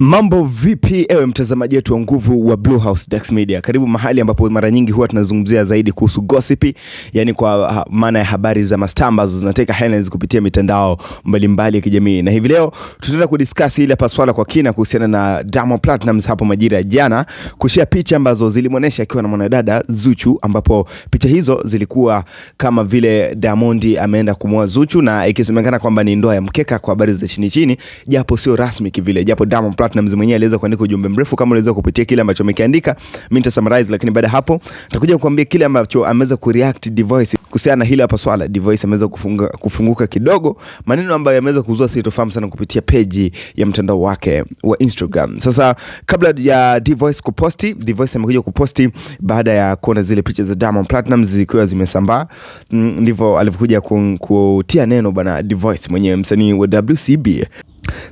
Mambo vipi ewe mtazamaji wetu wa nguvu wa Blue House Dax Media. Karibu mahali ambapo mara nyingi huwa tunazungumzia zaidi kuhusu gossip, yani kwa maana ya habari za mastaa ambazo zinateka headlines kupitia mitandao mbalimbali ya kijamii, na hivi leo tutaenda kudiscuss ile paswala kwa kina kuhusiana na Diamond Platnumz hapo majira ya jana kushia picha ambazo zilimonesha akiwa na mwanadada Zuchu, ambapo picha hizo zilikuwa kama vile Diamond ameenda kumoa Zuchu na ikisemekana kwamba ni ndoa ya mkeka kwa habari za chini chini, japo sio rasmi kivile, japo Diamond Platnumz mwenyewe aliweza kuandika ujumbe mrefu, kama unaweza kupitia kile ambacho amekiandika, mimi nita summarize, lakini baada hapo nitakuja kukuambia kile ambacho ameweza kureact D'voice kuhusiana na hili hapa swala. D'voice ameweza kufunga, kufunguka kidogo, maneno ambayo yameweza kuzua sitofahamu sana kupitia peji ya mtandao wake wa Instagram. Sasa kabla ya D'voice kuposti, D'voice amekuja kuposti baada ya kuona zile picha za Diamond Platinum zikiwa zimesambaa, mm, ndivyo alivyokuja kutia neno bwana D'voice mwenyewe msanii wa WCB.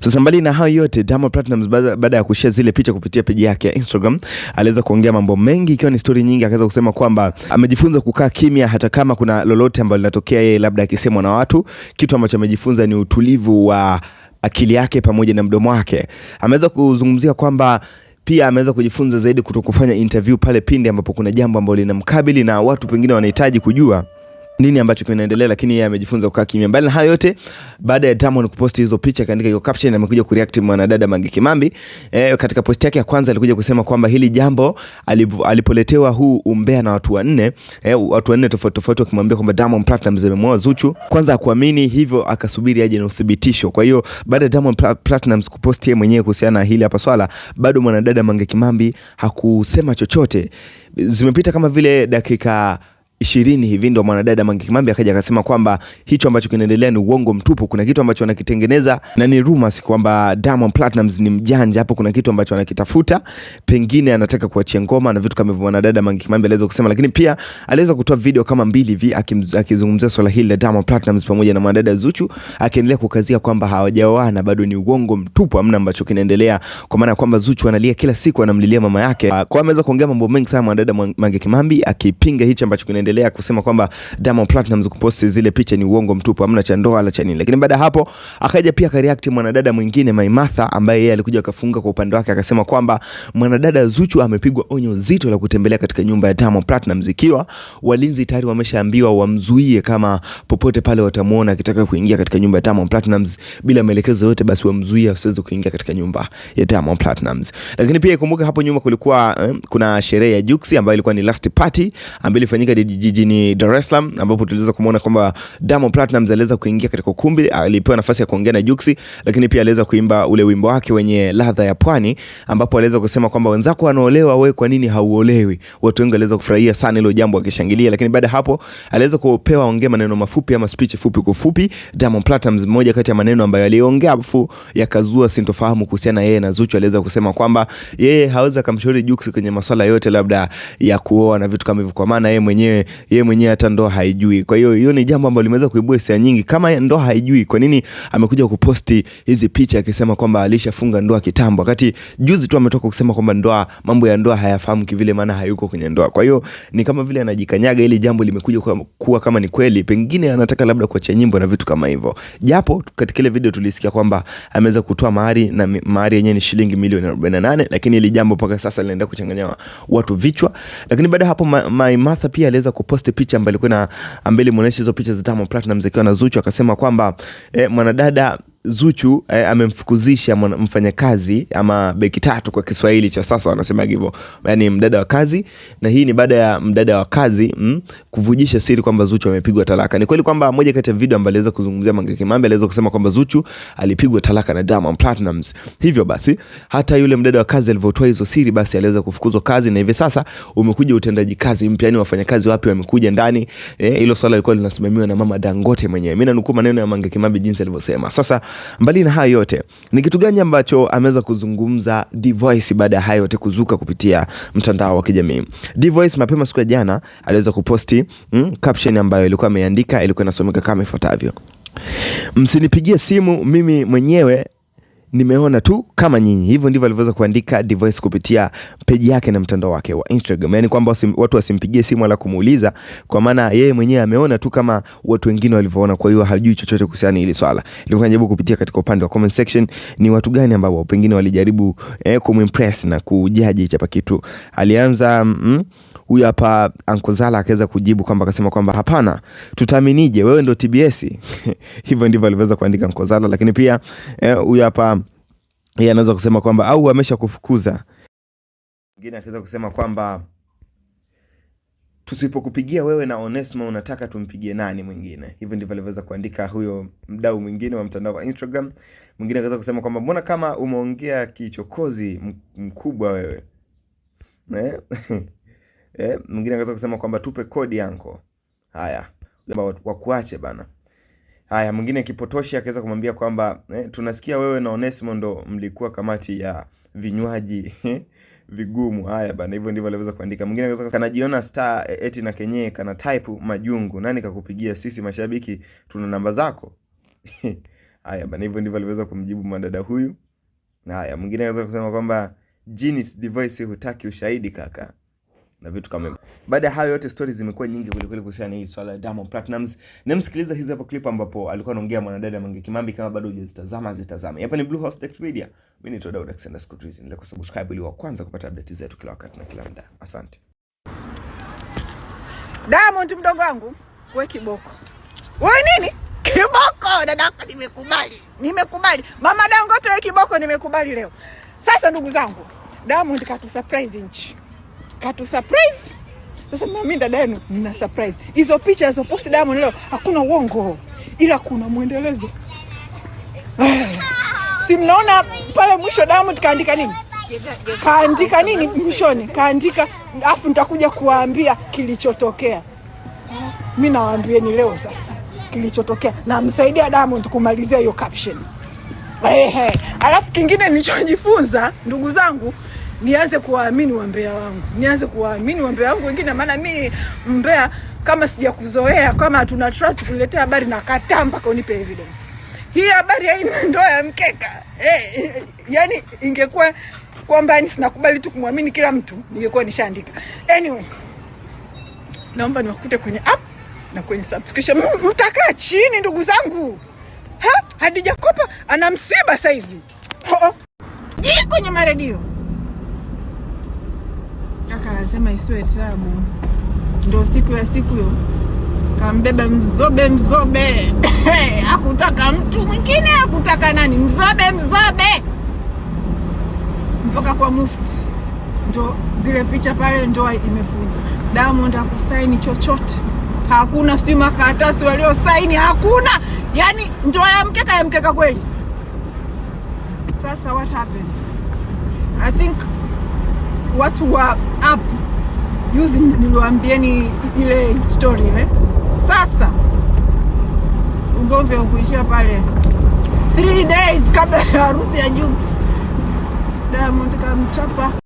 Sasa mbali na hayo yote, Diamond Platnumz baada ya kushare zile picha kupitia peji yake ya Instagram, aliweza kuongea mambo mengi, ikiwa ni stori nyingi. Akaweza kusema kwamba amejifunza kukaa kimya hata kama kuna lolote ambalo linatokea yeye, labda akisemwa na watu. Kitu ambacho amejifunza ni utulivu wa akili yake pamoja na mdomo wake. Ameweza kuzungumzia kwamba pia ameweza kujifunza zaidi kuto kufanya interview pale pindi ambapo kuna jambo ambalo linamkabili na watu pengine wanahitaji kujua nini ambacho kinaendelea, lakini yeye amejifunza kukaa kimya. Mbali na hayo yote, baada ya Diamond kuposti hizo picha, kaandika hiyo caption, amekuja kureact mwanadada Mange Kimambi. E, katika posti yake ya kwanza alikuja kusema kwamba hili jambo alipoletewa huu umbea na watu wanne, e, watu wanne tofauti tofauti wakimwambia kwamba Diamond Platnumz amemwoa Zuchu, kwanza akuamini, hivyo akasubiri aje na uthibitisho. Kwa hiyo baada ya Diamond Platnumz kuposti yeye mwenyewe kuhusiana na hili hapa swala, bado mwanadada Mange Kimambi hakusema chochote. Zimepita kama vile dakika ishirini hivi ndo mwanadada Mange Kimambi akaja akasema kwamba hicho ambacho kinaendelea ni uongo mtupu. Kuna kitu ambacho anakitengeneza na ni rumors kwamba Diamond Platnumz ni mjanja hapo, kuna kitu ambacho anakitafuta, pengine anataka kuachia ngoma na vitu kama hivyo, mwanadada Mange Kimambi aliweza kusema. Lakini pia aliweza kutoa video kama mbili hivi akizungumzia swala hili la Diamond Platnumz pamoja na mwanadada Zuchu, akiendelea kukazia kwamba hawajaoana bado, ni uongo mtupu, amna ambacho kinaendelea, kwa maana kwamba Zuchu analia kila siku, anamlilia mama yake. Ah, kwa ameweza kuongea mambo mengi sana mwanadada Mange Kimambi akipinga hicho ambacho kinaendelea ameendelea kusema kwamba Diamond Platnumz kuposti zile picha ni uongo mtupu, amna cha ndoa wala cha nini. Lakini baada hapo akaja pia kareact mwanadada mwingine Maimartha, ambaye yeye alikuja akafunga kwa upande wake, akasema kwamba mwanadada Zuchu amepigwa onyo zito la kutembelea katika nyumba ya Diamond Platnumz, ikiwa walinzi tayari wameshaambiwa wamzuie, kama popote pale watamuona akitaka kuingia katika nyumba ya Diamond Platnumz bila maelekezo yote, basi wamzuie asiweze kuingia katika nyumba ya Diamond Platnumz. Lakini pia ikumbuke hapo nyuma kulikuwa eh, kuna sherehe ya Juksi ambayo ilikuwa ni last party ambayo ilifanyika jijini Dar es Salaam ambapo tuliweza kumuona kwamba Diamond Platnumz aliweza kuingia katika ukumbi, alipewa nafasi ya kuongea na Juksi, lakini pia aliweza kuimba ule wimbo wake wenye ladha ya pwani, ambapo aliweza kusema kwamba wenzako wanaolewa, wewe kwa nini hauolewi? Watu wengi waliweza kufurahia sana hilo jambo akishangilia, lakini baada hapo aliweza kupewa ongea maneno mafupi ama speech fupi kufupi fupi. Diamond Platnumz, mmoja kati ya maneno ambayo aliongea afu yakazua sintofahamu kuhusiana yeye na Zuchu, aliweza kusema kwamba yeye hawezi akamshauri Juksi kwenye masuala yote labda ya kuoa na vitu kama hivyo, kwa maana yeye mwenyewe yeye mwenyewe hata ndoa haijui. Kwa hiyo hiyo ni jambo ambalo limeweza kuibua hisia nyingi. Kama ndoa haijui, kwa nini amekuja kuposti hizi picha akisema kwamba alishafunga ndoa kitambo, wakati juzi tu ametoka kusema kwamba ndoa, mambo ya ndoa hayafahamu kivile, maana hayuko kwenye ndoa. Kwa hiyo ni kama vile anajikanyaga, ili jambo limekuja kuwa kuwa kama ni kweli, pengine anataka labda kuacha nyimbo na vitu kama hivyo, japo katika ile video tulisikia kwamba ameweza kutoa mahari na mahari yenyewe ni shilingi milioni 48, lakini hili jambo mpaka sasa linaenda kuchanganya watu vichwa, lakini baada hapo Martha pia aliweza kuposti picha ambayo ilikuwa na ambayo ilimuonesha hizo picha za Diamond Platnumz akiwa na Zuchu, akasema kwamba eh, mwanadada Zuchu eh, amemfukuzisha mfanyakazi ama beki tatu kwa Kiswahili cha sasa wanasema hivyo, yani mdada wa kazi. Na hii ni baada ya mdada wa kazi mm, kuvujisha siri kwamba Zuchu amepigwa talaka. Ni kweli kwamba moja kati ya video ambayo aliweza kuzungumzia Mange Kimambi aliweza kusema kwamba Zuchu alipigwa talaka na Diamond Platnumz. Hivyo basi hata yule mdada wa kazi alivyotoa hizo siri, basi aliweza kufukuzwa kazi, na hivi sasa umekuja utendaji kazi mpya, yani wafanyakazi wapya wamekuja ndani. Eh, hilo eh, swala lilikuwa linasimamiwa na mama Dangote mwenyewe. Mimi nanukuu maneno ya Mange Kimambi jinsi alivyosema sasa Mbali na hayo yote, ni kitu gani ambacho ameweza kuzungumza Dvoice baada ya hayo yote kuzuka kupitia mtandao wa kijamii? Dvoice mapema siku ya jana aliweza kuposti mm, caption ambayo ilikuwa ameandika, ilikuwa inasomeka kama ifuatavyo: msinipigie simu, mimi mwenyewe nimeona tu kama nyinyi. Hivyo ndivyo alivyoweza kuandika Divoice kupitia peji yake na mtandao wake wa Instagram, yaani kwamba watu wasimpigie simu wala kumuuliza, kwa maana yeye mwenyewe ameona tu kama watu wengine walivyoona, kwa hiyo hajui chochote kuhusiana hili swala. Nilivyojaribu kupitia katika upande wa comment section, ni watu gani ambao pengine walijaribu eh, kumimpress na kujaji chapa kitu alianza mm, huyu hapa Ankozala akaweza kujibu kwamba akasema kwamba hapana, tutaaminije? Wewe ndo TBS. Hivyo ndivyo alivyoweza kuandika Ankozala, lakini pia eh, huyu eh, hapa yeye anaweza kusema kwamba au amesha kufukuza. Mwingine akaweza kusema kwamba tusipokupigia wewe na Onesmo unataka tumpigie nani mwingine? Hivyo ndivyo alivyoweza kuandika huyo mdau mwingine wa mtandao wa Instagram. Mwingine akaweza kusema kwamba mbona kama umeongea kichokozi mkubwa wewe eh? eh, mwingine anaweza kusema kwamba tupe kodi yanko. Haya, kwamba wakuache bana. Haya, mwingine kipotoshi akaweza kumwambia kwamba eh, tunasikia wewe na Onesimo ndo mlikuwa kamati ya vinywaji eh, vigumu. Haya bana, hivyo ndivyo alivyoweza kuandika. Mwingine akaweza kanajiona star eh, eti na kenye kana type majungu. Nani kakupigia? Sisi mashabiki tuna namba zako. Haya bana, hivyo ndivyo alivyoweza kumjibu mwanadada huyu. Haya, mwingine anaweza kusema kwamba Genius device hutaki ushahidi kaka na vitu kama hivyo. Baada ya hayo yote, stori zimekuwa nyingi kwelikweli kuhusiana na hii swala ya Diamond Platnumz. Namsikiliza hizi hapo clip ambapo alikuwa anaongea mwanadada Mange Kimambi. Kama bado hujazitazama zitazame. Hapa ni Blue House Dax Media, mimi ni Todd Alexander Scotris, endelea kusubscribe ili wa kwanza kupata update zetu kila wakati na kila muda. Asante Diamond, mdogo wangu, we kiboko, wewe nini kiboko, dadako, nimekubali, nimekubali mama Dangote, we kiboko, nimekubali leo. Sasa ndugu zangu, Diamond katu surprise nchi katu surprise. Sasa mimi dada yenu mna surprise. Hizo picha hizo post Diamond leo hakuna uongo, ila kuna mwendelezo. Si mnaona pale mwisho Diamond kaandika nini? Kaandika nini mwishoni? Kaandika afu nitakuja kuwaambia kilichotokea. Mimi ni leo sasa kilichotokea, namsaidia Diamond kumalizia hiyo caption. Ehe, alafu kingine nilichojifunza ndugu zangu nianze kuwaamini wambea wangu, nianze kuwaamini wambea wangu wengine, maana mi mbea kama sijakuzoea, kama hatuna trust kuniletea habari na kataa mpaka unipe evidence. Hii habari haina ndoa ya mkeka eh, yani ingekuwa kwamba yani sinakubali tu kumwamini kila mtu, ningekuwa nishaandika. Anyway, naomba niwakute kwenye app na kwenye subscription. Mtakaa chini ndugu zangu ha? Hadija Kopa ana msiba saizi. Ho Jii kwenye maredio kaka anasema isiwe tabu, ndo siku ya siku hiyo kambeba mzobe mzobe akutaka mtu mwingine akutaka nani, mzobe mzobe mpaka kwa mufti, ndo zile picha pale, ndoa imefunga. Diamond hakusaini chochote, hakuna si makaratasi waliosaini, hakuna yani ndoa ya mkeka ya mkeka kweli. Sasa what happens? I think watu wa app juzi niliwaambieni ile story ile. Eh? Sasa ugomvi wa pale 3 days kabla ya harusi ya Jux, Diamond kamchapa